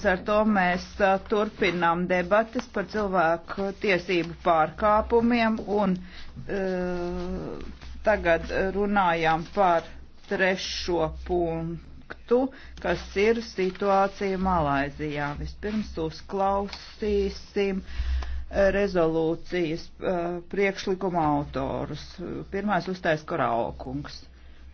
Līdz ar to mēs turpinām debatas par cilvēku tiesību pārkāpumiem un uh, tagad runājam par trešo punktu, kas ir situācija Malaizijā. Vispirms uzklausīsim rezolūcijas uh, priekšlikuma autorus. Pirmais uztais Koraukungs.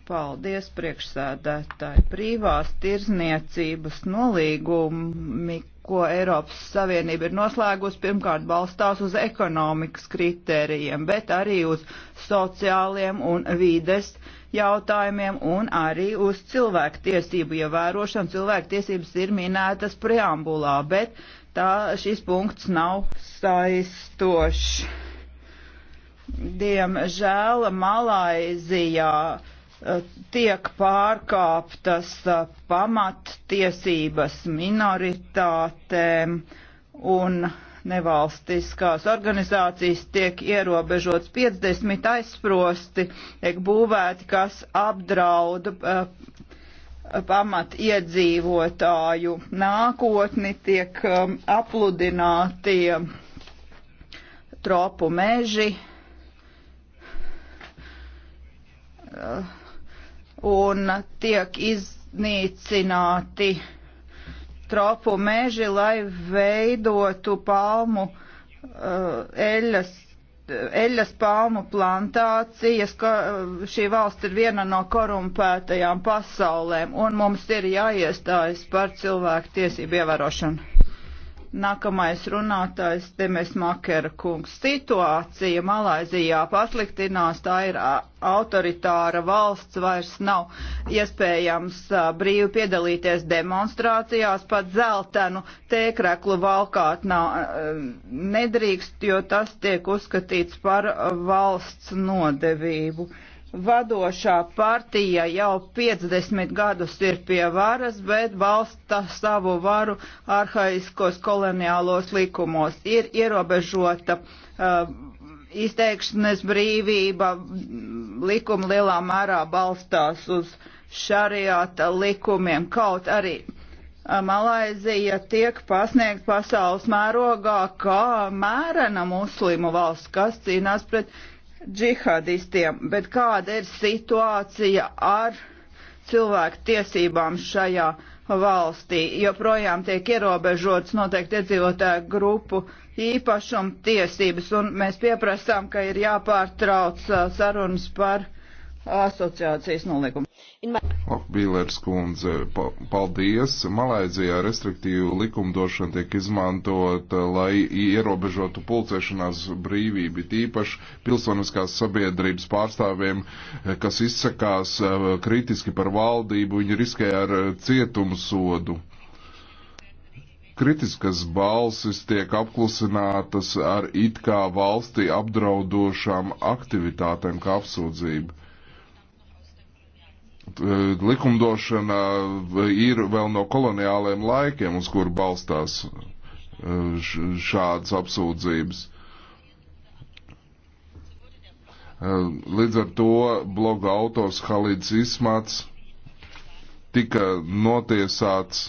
Paldies, priekšsēdētāji. Privās tirzniecības nolīgumi, ko Eiropas Savienība ir noslēgusi, pirmkārt balstās uz ekonomikas kritērijiem, bet arī uz sociāliem un vides jautājumiem un arī uz cilvēktiesību ievērošanu. Ja cilvēktiesības ir minētas preambulā, bet tā, šis punkts nav saistošs. Diemžēl Malaizijā Eh, tiek pārkāptas eh, pamattiesības minoritātēm un nevalstiskās organizācijas tiek ierobežots 50 aizsprosti, tiek būvēti, kas apdrauda eh, pamat iedzīvotāju nākotni, tiek apludināti tropu meži. Uh, un tiek iznīcināti tropu meži, lai veidotu palmu uh, eļas eļas palmu plantācijas, ka uh, šī valsts ir viena no korumpētajām pasaulēm, un mums ir jāiestājas par cilvēku tiesību ievērošanu. Nākamais runātājs Demes Makera kungs. Situācija Malaizijā pasliktinās, tā ir autoritāra valsts, vairs nav iespējams brīvi piedalīties demonstrācijās, pat zeltenu tēkreklu valkāt nav, nedrīkst, jo tas tiek uzskatīts par valsts nodevību. Uh, vadošā partija jau 50 gadus ir pie varas, bet balsta savu varu arhaiskos koloniālos likumos. Ir ierobežota uh, izteikšanas brīvība, likuma lielā mērā balstās uz šariāta likumiem, kaut arī uh, Malaizija tiek pasniegt pasaules mērogā kā mērena muslimu valsts, kas cīnās pret džihadistiem, bet kāda ir situācija ar cilvēku tiesībām šajā valstī? Joprojām tiek ierobežotas noteikti iedzīvotāju grupu īpašuma tiesības, un mēs pieprasām, ka ir jāpārtrauc uh, sarunas par asociācijas nolīgumu. Bīlērs kundze, paldies. Malaizijā restriktīvu likumdošanu tiek izmantot, lai ierobežotu pulcēšanās brīvību, tīpaši pilsoniskās sabiedrības pārstāvjiem, kas izsakās eh, kritiski par valdību, viņi riskē ar eh, cietumu sodu. Kritiskas balsis tiek apklusinātas ar it kā valsti apdraudošām aktivitātēm, kā apsūdzību Eh, likumdošana eh, ir vēl no koloniāliem laikiem, uz kur balstās eh, šādas apsūdzības. Līdz ar to bloga autors Halīds Ismats tika notiesāts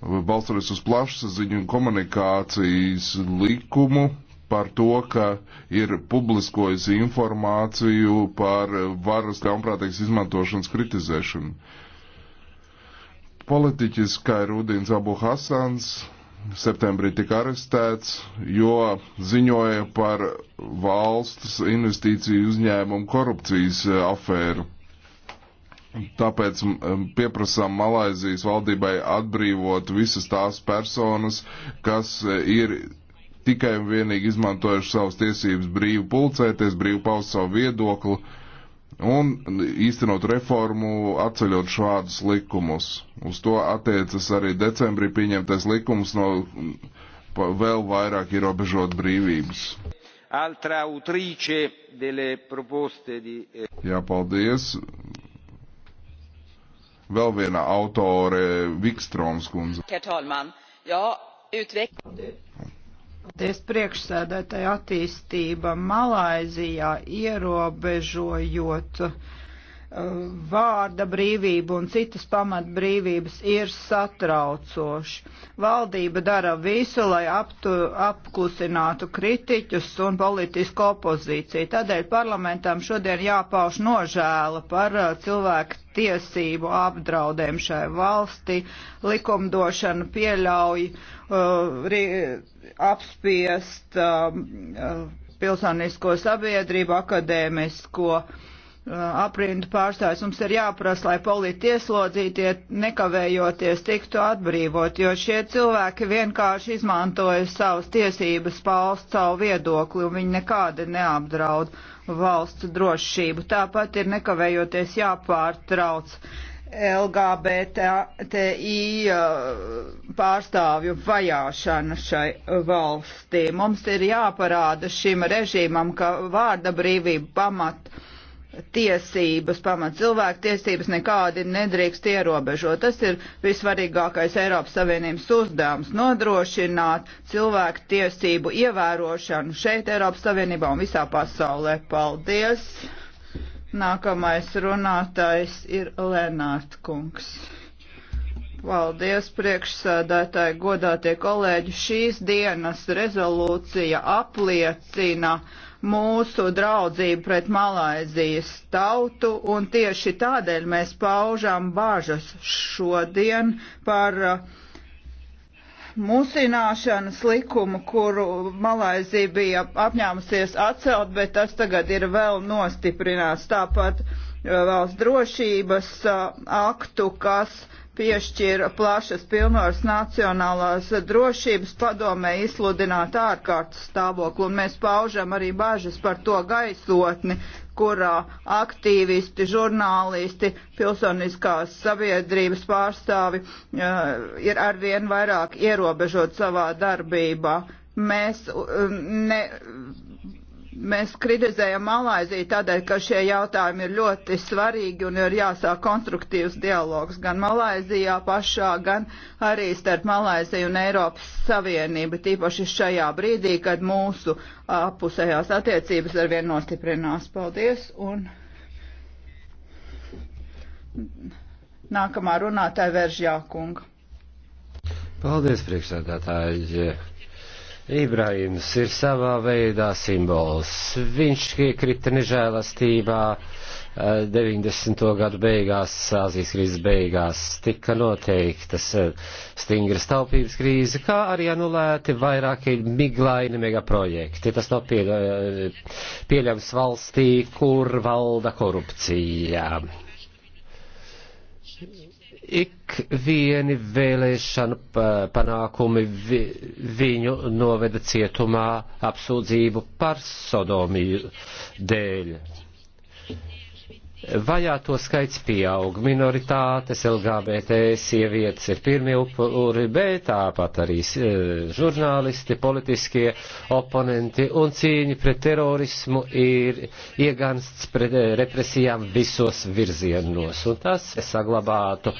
balstoties uz plašsaziņu un komunikācijas likumu par to, ka ir publiskojusi informāciju par varas ļaunprātīgas izmantošanas kritizēšanu. Politiķis Kairudins Abu Hasans septembrī tika arestēts, jo ziņoja par valsts investīciju uzņēmumu korupcijas afēru. Tāpēc pieprasām Malaizijas valdībai atbrīvot visas tās personas, kas ir tikai un vienīgi izmantojuši savas tiesības brīvi pulcēties, brīvi paust savu viedokli un īstenot reformu, atceļot šādus likumus. Uz to attiecas arī decembrī pieņemtais likums no vēl vairāk ierobežot brīvības. Altra autrice delle proposte di... Eh, Jā, paldies vēl viena autore Vikstroms kundze. Paldies priekšsēdētāji attīstība Malaizijā ierobežojot vārda brīvība un citas pamatbrīvības ir satraucoši. Valdība dara visu, lai aptu, apklusinātu kritiķus un politisku opozīciju. Tādēļ parlamentam šodien jāpauž nožēla par uh, cilvēku tiesību apdraudēm šai valstī. Likumdošana pieļauj uh, ri, apspiest um, uh, pilsonisko sabiedrību, akadēmisko uh, Uh, aprindu pārstāvis. Mums ir jāprasa, lai politi ieslodzītie nekavējoties tiktu atbrīvot, jo šie cilvēki vienkārši izmantoja savas tiesības paust savu viedokli un viņi nekādi neapdraud valsts drošību. Tāpat ir nekavējoties jāpārtrauc LGBTI uh, pārstāvju vajāšana šai valstī. Mums ir jāparāda šim režīmam, ka vārda brīvība pamata tiesības, pamat cilvēku tiesības nekādi nedrīkst ierobežot. Tas ir visvarīgākais Eiropas Savienības uzdevums - nodrošināt cilvēku tiesību ievērošanu šeit Eiropas Savienībā un visā pasaulē. Paldies! Nākamais runātājs ir Lenārt Kungs. Paldies, priekšsēdētāji, godātie kolēģi. Šīs dienas rezolūcija apliecina, uh, mūsu draudzību pret Malaizijas tautu, un tieši tādēļ mēs paužām bāžas šodien par uh, musināšanas likumu, kuru Malaizija bija apņēmusies atcelt, bet tas tagad ir vēl nostiprināts. Tāpat eh, valsts drošības eh, aktu, kas piešķīra plašas pilnvaras Nacionālās drošības padomē izsludināt ārkārtas stāvokli, un mēs paužam arī bāžas par to gaisotni, kurā aktīvisti, žurnālisti, pilsoniskās sabiedrības pārstāvi uh, ir arvien vairāk ierobežot savā darbībā. Mēs uh, ne, Mēs kritizējam Malaiziju tādēļ, ka šie jautājumi ir ļoti svarīgi un ir jāsāk konstruktīvs dialogs gan Malaizijā pašā, gan arī starp Malaiziju un Eiropas Savienību, tīpaši šajā brīdī, kad mūsu apusējās attiecības arvien nostiprinās. Paldies! Un... Nākamā runātāja Veržjākunga. Paldies, priekšsēdētāji! Ibrahims ir savā veidā simbols. Viņš iekrita nežēlastībā 90. Eh, gadu beigās, Āzijas krīzes beigās, tika noteiktas eh, stingras taupības krīze, kā arī anulēti vairāki miglaini megaprojekti. Tas nav pie, eh, pieļams valstī, kur valda korupcija ik vieni vēlēšanu panākumi vi, viņu noveda cietumā apsūdzību par sodomiju dēļ. Vajāto skaits pieaug, minoritātes, LGBT sievietes ir pirmie upuri, bet tāpat arī e, žurnālisti, politiskie oponenti un cīņa pret terorismu ir iegansts pret e, represijām visos virzienos, un tas saglabātu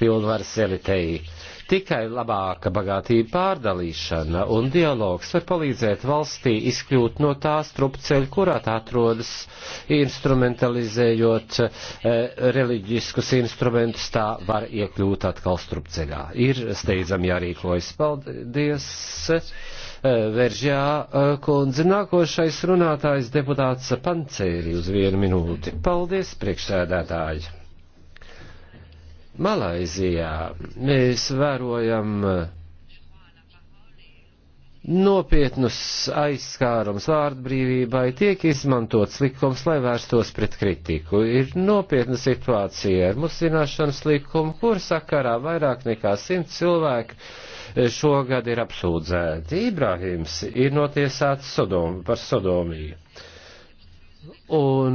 pilnvaras elitei. Tikai labāka bagātība pārdalīšana un dialogs var palīdzēt valstī izkļūt no tā strupceļa, kurā tā atrodas, instrumentalizējot e, reliģiskus instrumentus, tā var iekļūt atkal strupceļā. Ir steidzami jārīkojas. Paldies! Eh, Veržjā eh, kundze. Nākošais runātājs deputāts Pancēri uz vienu minūti. Paldies, priekšsēdētāji! Malaizijā mēs vērojam eh, nopietnus aizskārums vārdbrīvībai, tiek izmantots likums, lai vērstos pret kritiku. Ir nopietna situācija ar musināšanas likumu, kur sakarā vairāk nekā simt cilvēku eh, šogad ir apsūdzēti. Ibrahims ir notiesāts Sodomu, par Sodomiju un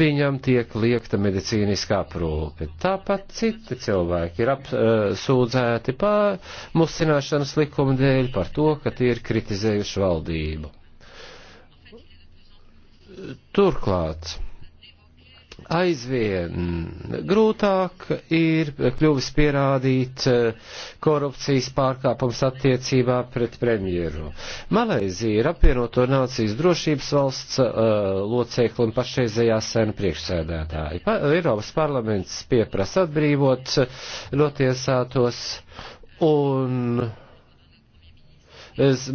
viņam tiek liekta medicīniskā aprūpe. Tāpat citi cilvēki ir apsūdzēti eh, par musināšanas likuma dēļ, par to, ka tie ir kritizējuši valdību. Turklāt aizvien grūtāk ir kļuvis pierādīt eh, korupcijas pārkāpums attiecībā pret premjeru. Malaizija ir apvienoto nācijas drošības valsts uh, locekli un pašreizējā sena priekšsēdētāja. Pa, Eiropas parlaments pieprasa atbrīvot notiesātos un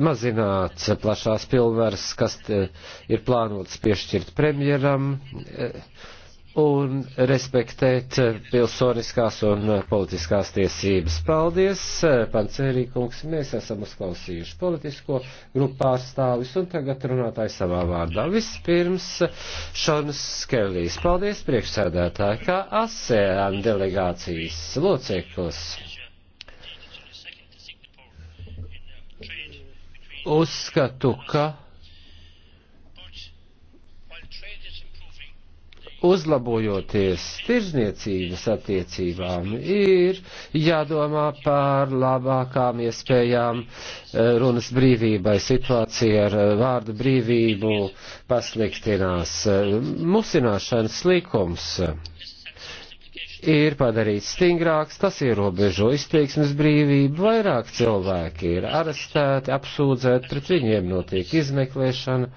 mazināt plašās pilnvaras, kas ir plānotas piešķirt premjeram. Uh, un respektēt pilsoniskās un politiskās tiesības. Paldies, Pancerīkungs, mēs esam uzklausījuši politisko grupu pārstāvis un tagad runātāji savā vārdā. Vispirms Šons Skellijs. Paldies, priekšsēdētāji, kā ASEAN delegācijas loceklis. Uzskatu, ka uzlabojoties tirzniecības attiecībām, ir jādomā par labākām iespējām eh, runas brīvībai. Situācija ar eh, vārdu brīvību pasliktinās. Eh, musināšanas likums ir padarīts stingrāks, tas ierobežo izteiksmes brīvību, vairāk cilvēki ir arestēti, apsūdzēti, pret viņiem notiek izmeklēšana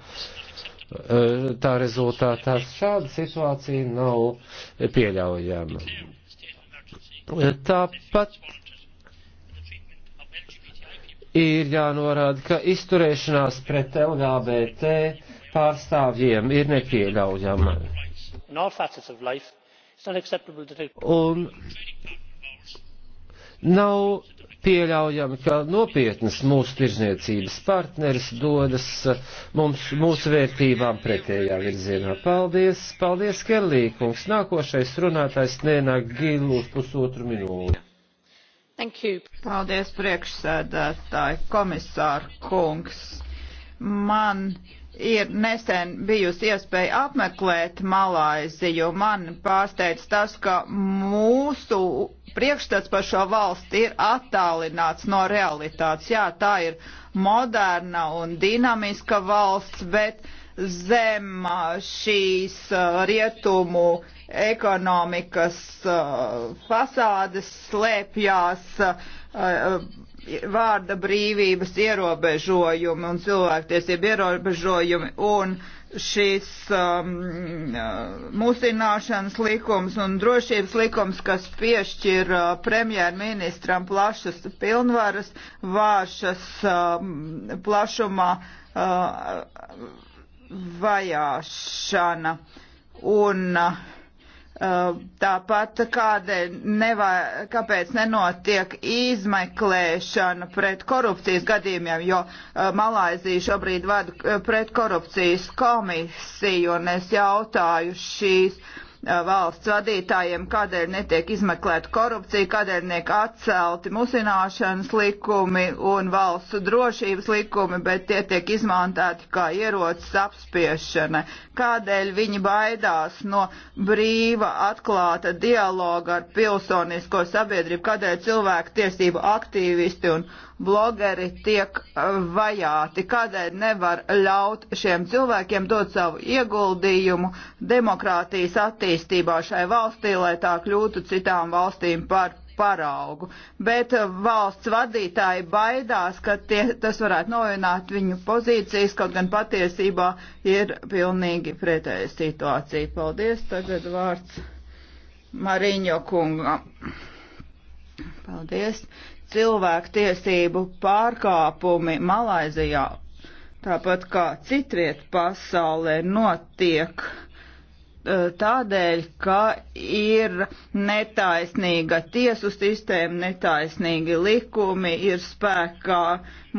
Eh, tā rezultātā šāda situācija nav pieļaujama. Eh, tāpat ir jānorāda, ka izturēšanās pret LGBT pārstāvjiem ir nepieļaujama. Un Nav pieļaujami, ka nopietnas mūsu tirzniecības partneris dodas uh, mums, mūsu vērtībām pretējā virzienā. Paldies, paldies, Kerlīkungs. Nākošais runātājs nenāk gilu uz pusotru minūti. Paldies, priekšsēdētāji, komisāra kungs. Man ir nesen bijusi iespēja apmeklēt Malaiziju. Man pārsteidz tas, ka mūsu priekšstats par šo valsti ir attālināts no realitātes. Jā, tā ir moderna un dinamiska valsts, bet zem uh, šīs uh, rietumu ekonomikas uh, fasādes slēpjās vārda brīvības ierobežojumi un cilvēktiesību ierobežojumi un šis um, uh, musināšanas likums un drošības likums, kas piešķir uh, premjerministram plašas pilnvaras, vāršas um, plašumā uh, vajāšana. Un, uh, Uh, tāpat kādēļ nevā, kāpēc nenotiek izmeklēšana pret korupcijas gadījumiem, jo uh, Malaizija šobrīd vada uh, pret korupcijas komisiju, un es jautāju šīs valsts vadītājiem, kādēļ netiek izmeklēta korupcija, kādēļ netiek atcelti musināšanas likumi un valsts drošības likumi, bet tie tiek izmantēti kā ierocis apspiešanai, kādēļ viņi baidās no brīva atklāta dialoga ar pilsonisko sabiedrību, kādēļ cilvēku tiesību aktīvisti un blogeri tiek uh, vajāti. Kādēļ nevar ļaut šiem cilvēkiem dot savu ieguldījumu demokrātijas attīstībā šai valstī, lai tā kļūtu citām valstīm par paraugu. Bet uh, valsts vadītāji baidās, ka tie, tas varētu novināt viņu pozīcijas, kaut gan patiesībā ir pilnīgi pretēja situācija. Paldies, tagad vārds Mariņo kungam. Paldies cilvēktiesību pārkāpumi Malaizijā, tāpat kā citviet pasaulē, notiek E, tādēļ, ka ir netaisnīga tiesu sistēma, netaisnīgi likumi, ir spēkā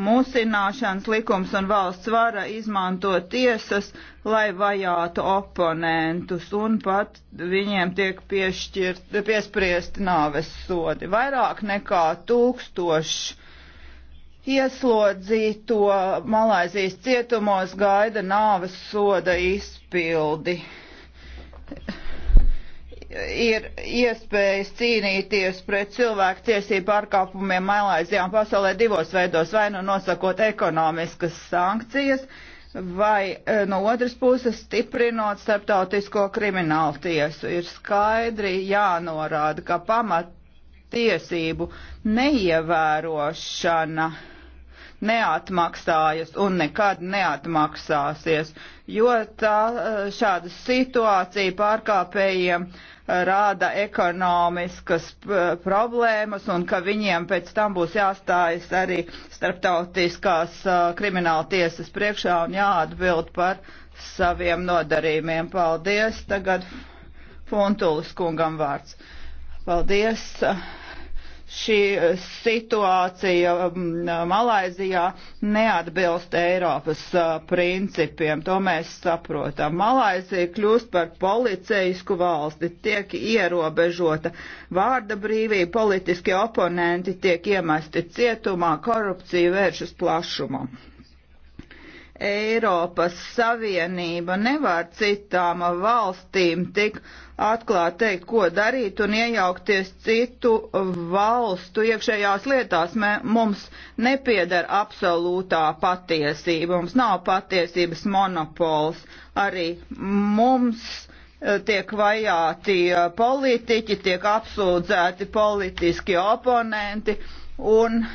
musināšanas likums un valsts vara izmanto tiesas, lai vajātu oponentus un pat viņiem tiek piešķirt, piespriesti nāves sodi. Vairāk nekā tūkstoši ieslodzīto Malaisijas cietumos gaida nāves soda izpildi ir iespējas cīnīties pret cilvēku tiesību pārkāpumiem Malaizijā un pasaulē divos veidos, vai nu nosakot ekonomiskas sankcijas, vai e, no otras puses stiprinot starptautisko kriminālu tiesu. Ir skaidri jānorāda, ka pamat tiesību neievērošana neatmaksājas un nekad neatmaksāsies, jo tā, šāda situācija pārkāpējiem eh, rāda ekonomiskas eh, problēmas un ka viņiem pēc tam būs jāstājas arī starptautiskās eh, krimināla tiesas priekšā un jāatbild par saviem nodarījumiem. Paldies! Tagad Funtulis kungam vārds. Paldies! šī eh, situācija mm, Malaizijā neatbilst Eiropas eh, principiem. To mēs saprotam. Malaizija kļūst par policeisku valsti, tiek ierobežota vārda brīvība, politiskie oponenti tiek iemesti cietumā, korupcija vēršas plašumā. Eiropas Savienība nevar citām valstīm tik atklāt teikt, ko darīt un iejaukties citu valstu iekšējās lietās. Mē, mums nepiedara absolūtā patiesība, mums nav patiesības monopols. Arī mums eh, tiek vajāti eh, politiķi, tiek apsūdzēti politiski oponenti un uh,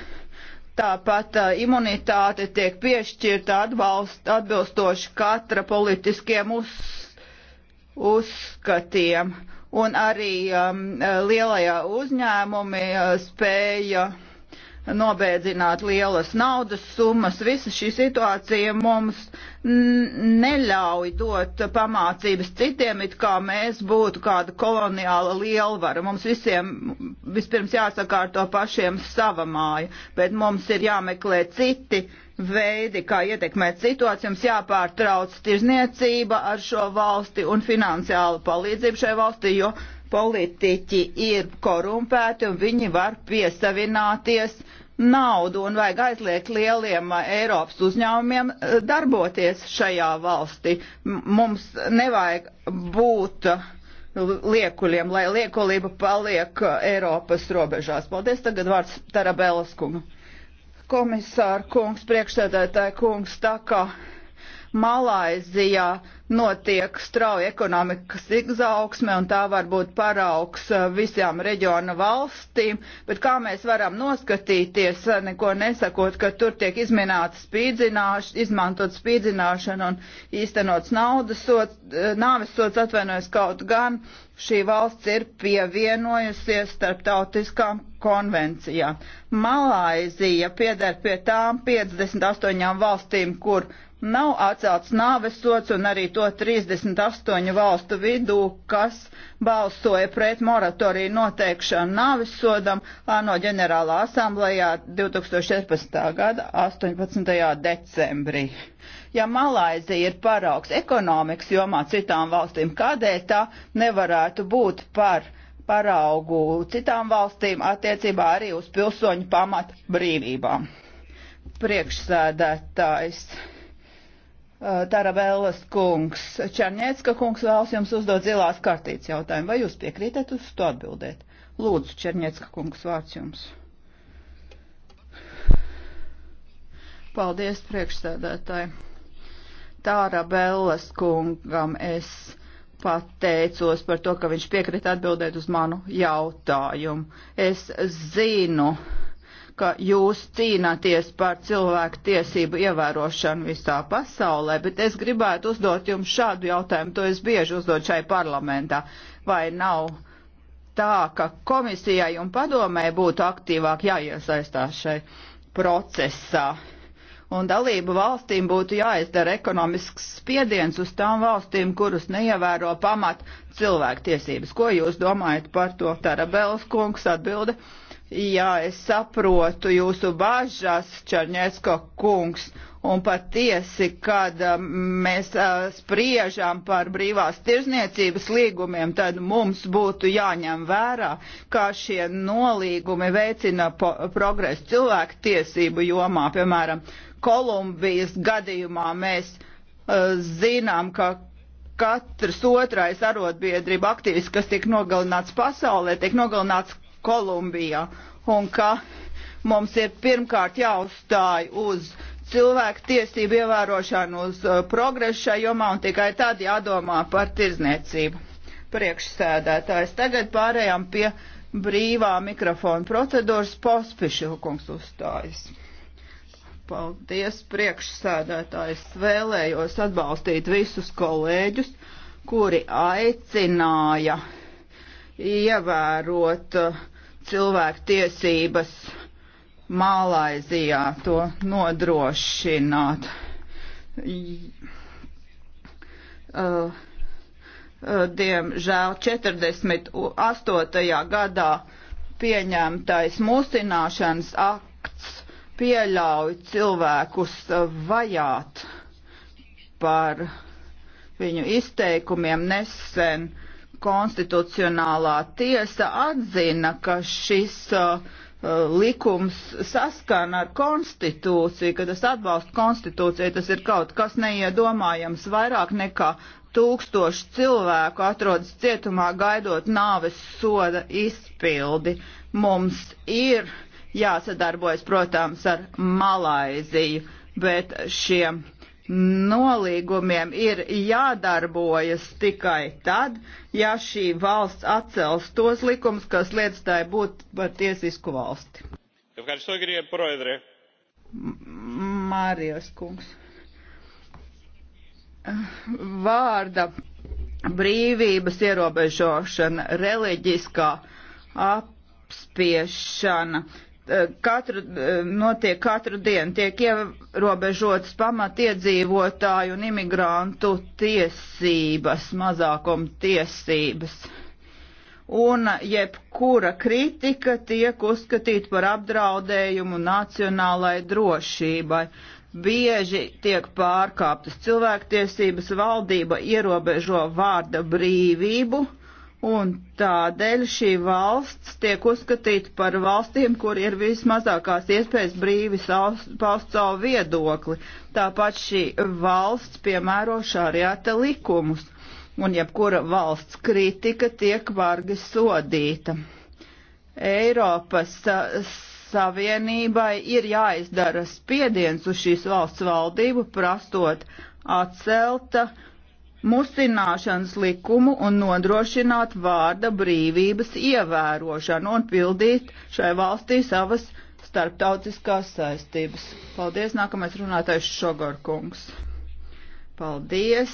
Tāpat imunitāte tiek piešķirta atbalst, atbilstoši katra politiskiem uz, uzskatiem. Un arī um, lielajā uzņēmumi uh, spēja uh, nobēdzināt lielas naudas summas. Visa šī situācija mums neļauj dot pamācības citiem, it kā mēs būtu kāda koloniāla lielvara. Mums visiem vispirms jāsakārto pašiem sava māja, bet mums ir jāmeklē citi veidi, kā ietekmēt situāciju. Mums jāpārtrauc tirzniecība ar šo valsti un finansiālu palīdzību šai valstī, jo politiķi ir korumpēti un viņi var piesavināties naudu un vajag aizliegt lieliem eh, Eiropas uzņēmumiem eh, darboties šajā valstī. Mums nevajag būt eh, liekuļiem, lai liekulība paliek Eiropas robežās. Paldies, tagad vārds Tarabēlas kungu. Komisāra kungs, priekšsēdētāja kungs, tā kā Malaizijā notiek strauja ekonomikas izaugsme un tā var būt paraugs uh, visām reģiona valstīm, bet kā mēs varam noskatīties, uh, neko nesakot, ka tur tiek izmantot spīdzināšana, izmantot spīdzināšana un īstenots naudas sots, uh, nāves sots atvainojas kaut gan šī valsts ir pievienojusies starptautiskām konvencijām. Malaizija pieder pie tām 58 valstīm, kur Nav atcelts nāvesots un arī to 38 valstu vidū, kas balsoja pret moratoriju noteikšanu nāvesodam ANO ģenerālā asamblējā 2014. gada 18. decembrī. Ja Malaizija ir paraugs ekonomikas jomā citām valstīm, kādēļ tā nevarētu būt par paraugu citām valstīm attiecībā arī uz pilsoņu pamat brīvībām. Priekšsēdētājs. Eh, Tarabellas kungs. Černiecka kungs vēlas jums uzdot zilās kartītes jautājumu. Vai jūs piekrītat uz to atbildēt? Lūdzu, Černiecka kungs, vārds jums. Paldies, priekšsēdētāji. Tarabellas kungam es pateicos par to, ka viņš piekrita atbildēt uz manu jautājumu. Es zinu, ka jūs cīnāties par cilvēku tiesību ievērošanu visā pasaulē, bet es gribētu uzdot jums šādu jautājumu, to es bieži uzdot šai parlamentā. Vai nav tā, ka komisijai un padomē būtu aktīvāk jāiesaistās šai procesā? Un dalību valstīm būtu jāizdara ekonomisks spiediens uz tām valstīm, kuras neievēro pamat cilvēktiesības. Ko jūs domājat par to? Tarabels kungs atbilde. Uh, Jā, es saprotu jūsu bažas, Čarņēsko kungs, un patiesi, kad um, mēs uh, spriežam par brīvās tirzniecības līgumiem, tad mums būtu jāņem vērā, kā šie nolīgumi veicina progresu cilvēku tiesību jomā. Piemēram, Kolumbijas gadījumā mēs uh, zinām, ka katrs otrais arotbiedrība aktīvists, kas tiek nogalināts pasaulē, tiek nogalināts Kolumbijā un ka mums ir pirmkārt jāuzstāj uz cilvēku tiesību ievērošanu, uz uh, progresu šajā jomā un tikai tad jādomā par tirzniecību. Priekšsēdētājs tagad pārējām pie brīvā mikrofona procedūras pospišilkums uzstājas. Paldies, priekšsēdētājs. Vēlējos atbalstīt visus kolēģus, kuri aicināja ievērot uh, cilvēku tiesības Malaizijā to nodrošināt. Uh, uh diemžēl 48. gadā pieņemtais mūsināšanas akts pieļauj cilvēkus uh, vajāt par viņu izteikumiem nesen konstitucionālā tiesa atzina, ka šis uh, uh likums saskana ar konstitūciju, ka tas atbalsta konstitūciju, tas ir kaut kas neiedomājams. Vairāk nekā tūkstoši cilvēku atrodas cietumā gaidot nāves soda izpildi. Mums ir jāsadarbojas, protams, ar Malaiziju, bet šiem nolīgumiem ir jādarbojas tikai tad, ja šī valsts atcels tos likums, kas liedz tai būt par tiesisku valsti. Mārijas kungs. Vārda brīvības ierobežošana, reliģiskā apspiešana. Uh, Eh, katru, eh, notiek katru dienu, tiek ierobežotas pamatiedzīvotāju un imigrantu tiesības, mazākuma tiesības. Un jebkura kritika tiek uzskatīta par apdraudējumu nacionālai drošībai. Bieži tiek pārkāptas cilvēktiesības, valdība ierobežo vārda brīvību, uh, un tādēļ šī valsts tiek uzskatīta par valstīm, kur ir vismazākās iespējas brīvi paust savu viedokli. Tāpat šī valsts piemēro šāriāta likumus, un jebkura valsts kritika tiek vargi sodīta. Eiropas Savienībai ir jāizdara spiediens uz šīs valsts valdību, prastot atcelta mustināšanas likumu un nodrošināt vārda brīvības ievērošanu un pildīt šai valstī savas starptautiskās saistības. Paldies, nākamais runātais Šogorkungs. Paldies.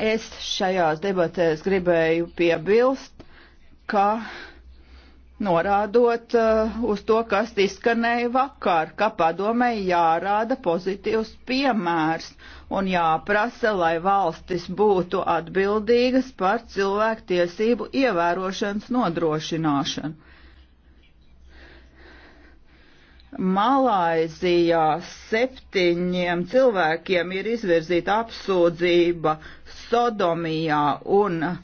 Es šajās debatēs gribēju piebilst, ka norādot uh, uz to, kas izskanēja vakar, ka padomēji jārāda pozitīvs piemērs un jāprasa, lai valstis būtu atbildīgas par cilvēktiesību ievērošanas nodrošināšanu. Malaizijā septiņiem cilvēkiem ir izvirzīta apsūdzība sodomijā un uh,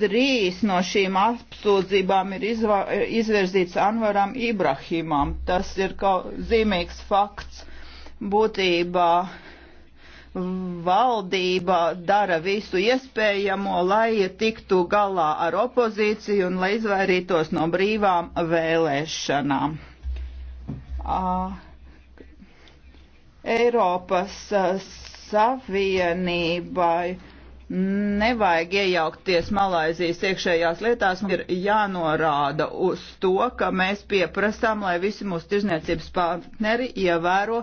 Trīs no šīm apsūdzībām ir izva, izvirzīts Anvaram Ibrahimam. Tas ir kaut zīmīgs fakts. Būtībā valdība dara visu iespējamo, lai tiktu galā ar opozīciju un lai izvairītos no brīvām vēlēšanām. Uh, Eiropas Savienībai nevajag iejaukties Malaizijas iekšējās lietās, mums ir jānorāda uz to, ka mēs pieprasām, lai visi mūsu tirzniecības partneri ievēro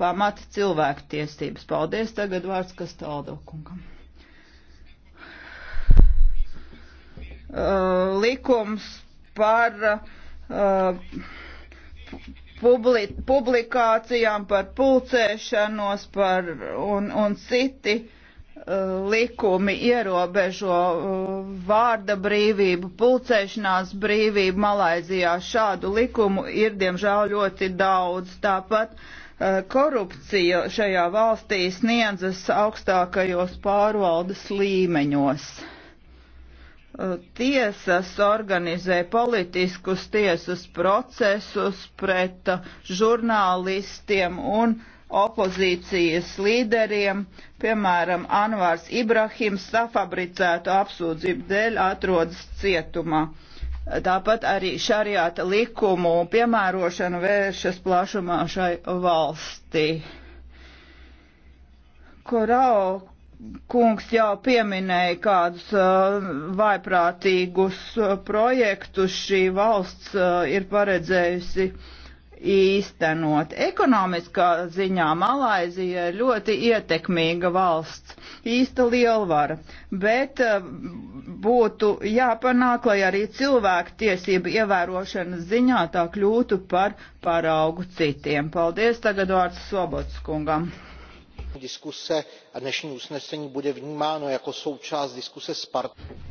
pamata cilvēktiesības. Paldies, tagad vārds Kastaldo kungam. Uh, likums par uh, publi publikācijām, par pulcēšanos par un, un citi uh, likumi ierobežo uh, vārda brīvību, pulcēšanās brīvību Malaizijā. Šādu likumu ir, diemžēl, ļoti daudz. Tāpat uh, korupcija šajā valstī sniedzas augstākajos pārvaldes līmeņos. Uh, tiesas organizē politiskus tiesas procesus pret žurnālistiem un uh, opozīcijas līderiem, piemēram, Anvārs Ibrahims safabricētu apsūdzību dēļ atrodas cietumā. Tāpat arī šariāta likumu piemērošana vēršas plašumā šai valstī. Korau kungs jau pieminēja kādus uh, vaiprātīgus uh, projektus šī valsts uh, ir paredzējusi uh, īstenot. Ekonomiskā ziņā Malaizija ir ļoti ietekmīga valsts, īsta lielvara, bet eh, būtu jāpanāk, lai arī cilvēku tiesību ievērošanas ziņā tā kļūtu par paraugu citiem. Paldies tagad vārds Sobotskungam diskuse a dnešní usnesení bude vnímáno jako součást diskuse s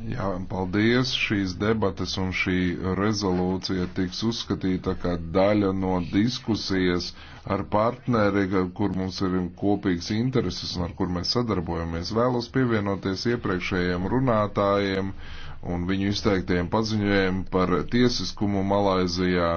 Jā, paldies. Šīs debates un šī rezolūcija tiks uzskatīta kā daļa no diskusijas ar partneri, kur mums ir kopīgs intereses un ar kur mēs sadarbojamies. Vēlos pievienoties iepriekšējiem runātājiem un viņu izteiktiem paziņojumiem par tiesiskumu Malaizijā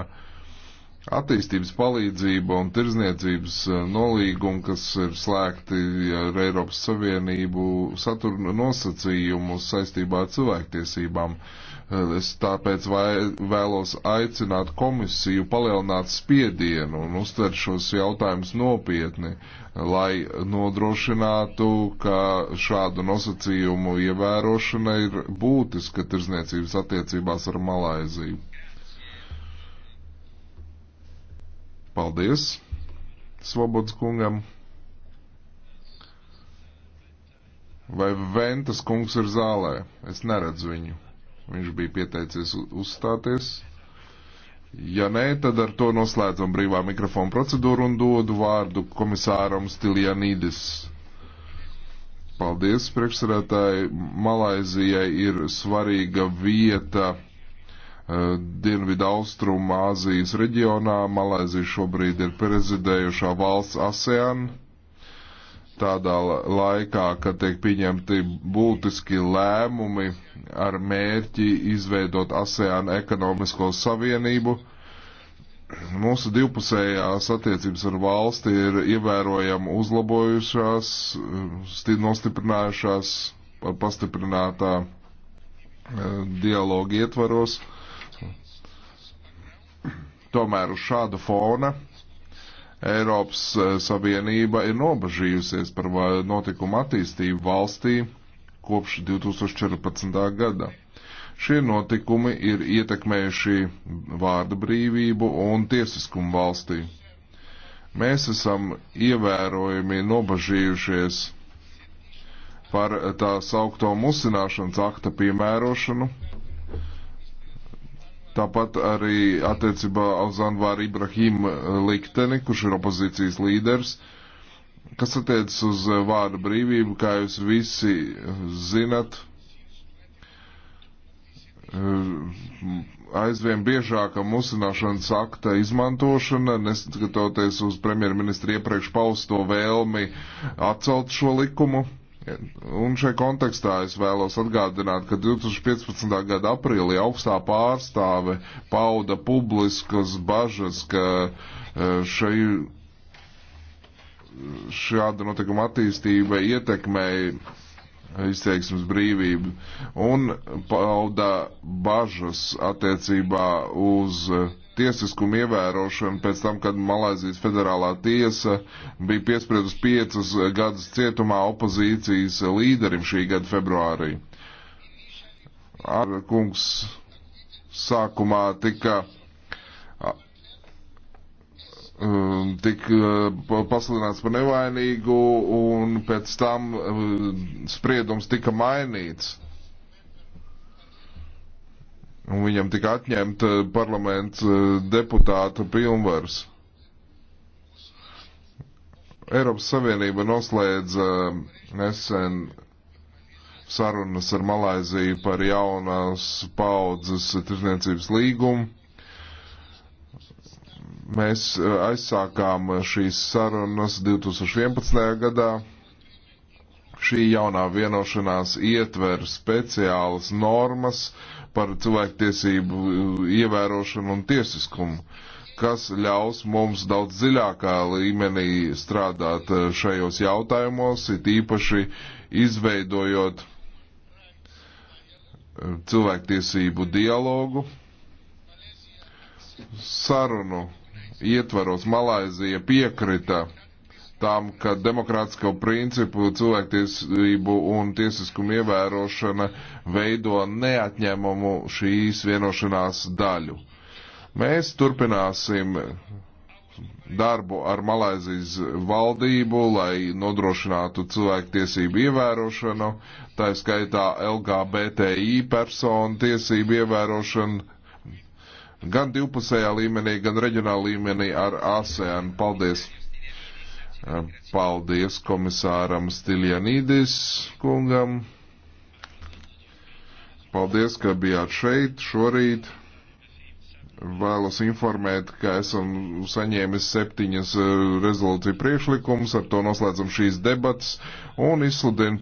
attīstības palīdzība un tirzniecības e, nolīgumi, kas ir slēgti ar Eiropas Savienību, satur nosacījumus saistībā ar cilvēktiesībām. E, es tāpēc vēlos aicināt komisiju palielināt spiedienu un uztver šos jautājumus nopietni, lai nodrošinātu, ka šādu nosacījumu ievērošana ir būtiska tirzniecības attiecībās ar Malaiziju. Paldies Svobods kungam. Vai Ventas kungs ir zālē? Es neredzu viņu. Viņš bija pieteicies uzstāties. Ja nē, tad ar to noslēdzam brīvā mikrofona procedūru un dodu vārdu komisāram Stiljanīdis. Paldies, priekšsarētāji. Malaizijai ir svarīga vieta Eh, Dienvidu austrumu Āzijas reģionā. Malēzija šobrīd ir prezidējušā valsts ASEAN. Tādā laikā, kad tiek pieņemti būtiski lēmumi ar mērķi izveidot ASEAN ekonomisko savienību, mūsu divpusējās attiecības ar valsti ir ievērojami uzlabojušās, nostiprinājušās, pastiprinātā eh, dialoga ietvaros. Uh, Tomēr uz šāda fona Eiropas eh, Savienība ir nobažījusies par eh, notikumu attīstību valstī kopš 2014. gada. Šie notikumi ir ietekmējuši vārda brīvību un tiesiskumu valstī. Mēs esam ievērojami nobažījušies par eh, tā saukto musināšanas akta piemērošanu Tāpat arī attiecībā uz Anvāru Ibrahīmu eh, likteni, kurš ir opozīcijas līderis. Kas attiecas uz eh, vārda brīvību, kā jūs visi eh, zinat, aizvien biežāka musināšanas akta izmantošana, neskatoties uz premjerministra iepriekš pausto vēlmi atcelt šo likumu. Un šajā kontekstā es vēlos atgādināt, ka 2015. gada aprīlī augstā pārstāve pauda publiskas bažas, ka e, šai, šāda notikuma attīstība ietekmēja izteiksmes brīvību un pauda bažas attiecībā uz uh, tiesiskumu ievērošanu pēc tam, kad Malāzijas federālā tiesa bija piespriedusi piecas gadus cietumā opozīcijas līderim šī gada februārī. Ar kungs sākumā tika um, tika pasludināts par nevainīgu un pēc tam um, spriedums tika mainīts. Un viņam tika atņemta parlaments eh, deputāta pilnvars. Eiropas Savienība noslēdza eh, nesen sarunas ar Malaiziju par jaunās paudzes tirzniecības līgumu. Mēs eh, aizsākām šīs sarunas 2011. gadā. Šī jaunā vienošanās ietver speciālas normas par cilvēktiesību uh, ievērošanu un tiesiskumu, kas ļaus mums daudz dziļākā līmenī strādāt uh, šajos jautājumos, it īpaši izveidojot uh, cilvēktiesību dialogu, sarunu ietvaros Malaizija piekrita tam, ka demokrātisko principu, cilvēktiesību un tiesiskumu ievērošana veido neatņemumu šīs vienošanās daļu. Mēs turpināsim darbu ar Malaizijas valdību, lai nodrošinātu cilvēktiesību ievērošanu, tā skaitā LGBTI personu tiesību ievērošanu, gan divpusējā līmenī, gan reģionālā līmenī ar ASEAN. Paldies! Eh, paldies komisāram Stiljanīdis kungam. Paldies, ka bijāt šeit šorīt. Vēlos informēt, ka esam saņēmis septiņas eh, rezolūciju priekšlikumus, ar to noslēdzam šīs debatas un izsludinu.